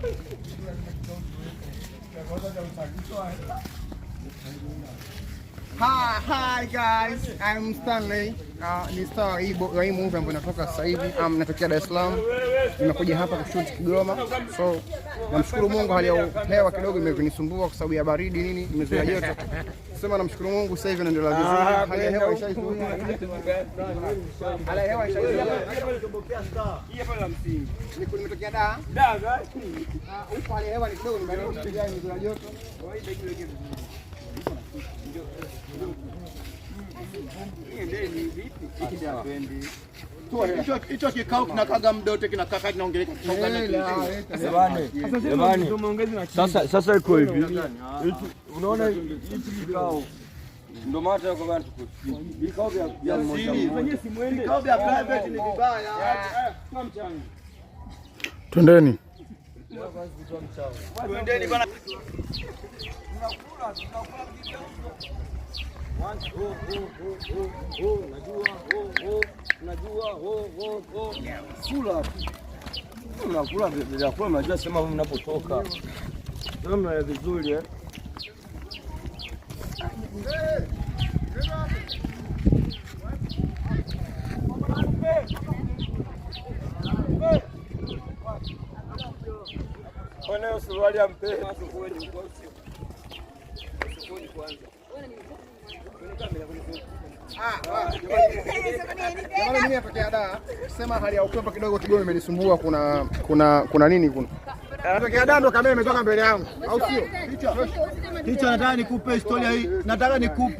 Thank you. Hi, hi guys. I'm Stanley. Ah, ni star wa hii movie ambayo inatoka sasa hivi. Um, natokea Dar es Salaam. Nimekuja hapa kushoot Kigoma. So, namshukuru Mungu hali ya hewa kidogo imenisumbua kwa sababu ya baridi nini, nimezoea joto. Sema namshukuru Mungu sasa hivi naendelea vizuri. Ah, hali ya hewa ishaizuia. Hicho kikao kinakaga mdote kinakaka kinaongeleka. Sasa iko hivi, unaona hichi kikao ndio maana tuko bana, vikao vya vya vikao vya private ni vibaya. Kwa mchango, twendeni, twendeni bana. Mnakula vyakula mnajua sema mnapotoka mnaya vizuri eh. Nimetokea da sema hali ya upepo kidogo kidogo imenisumbua. Kuna kuna kuna nini? Kuna natokea eh, da ndo kamera imetoka mbele yangu, au sio? Hicho nataka nikupe historia hii, nataka nikupe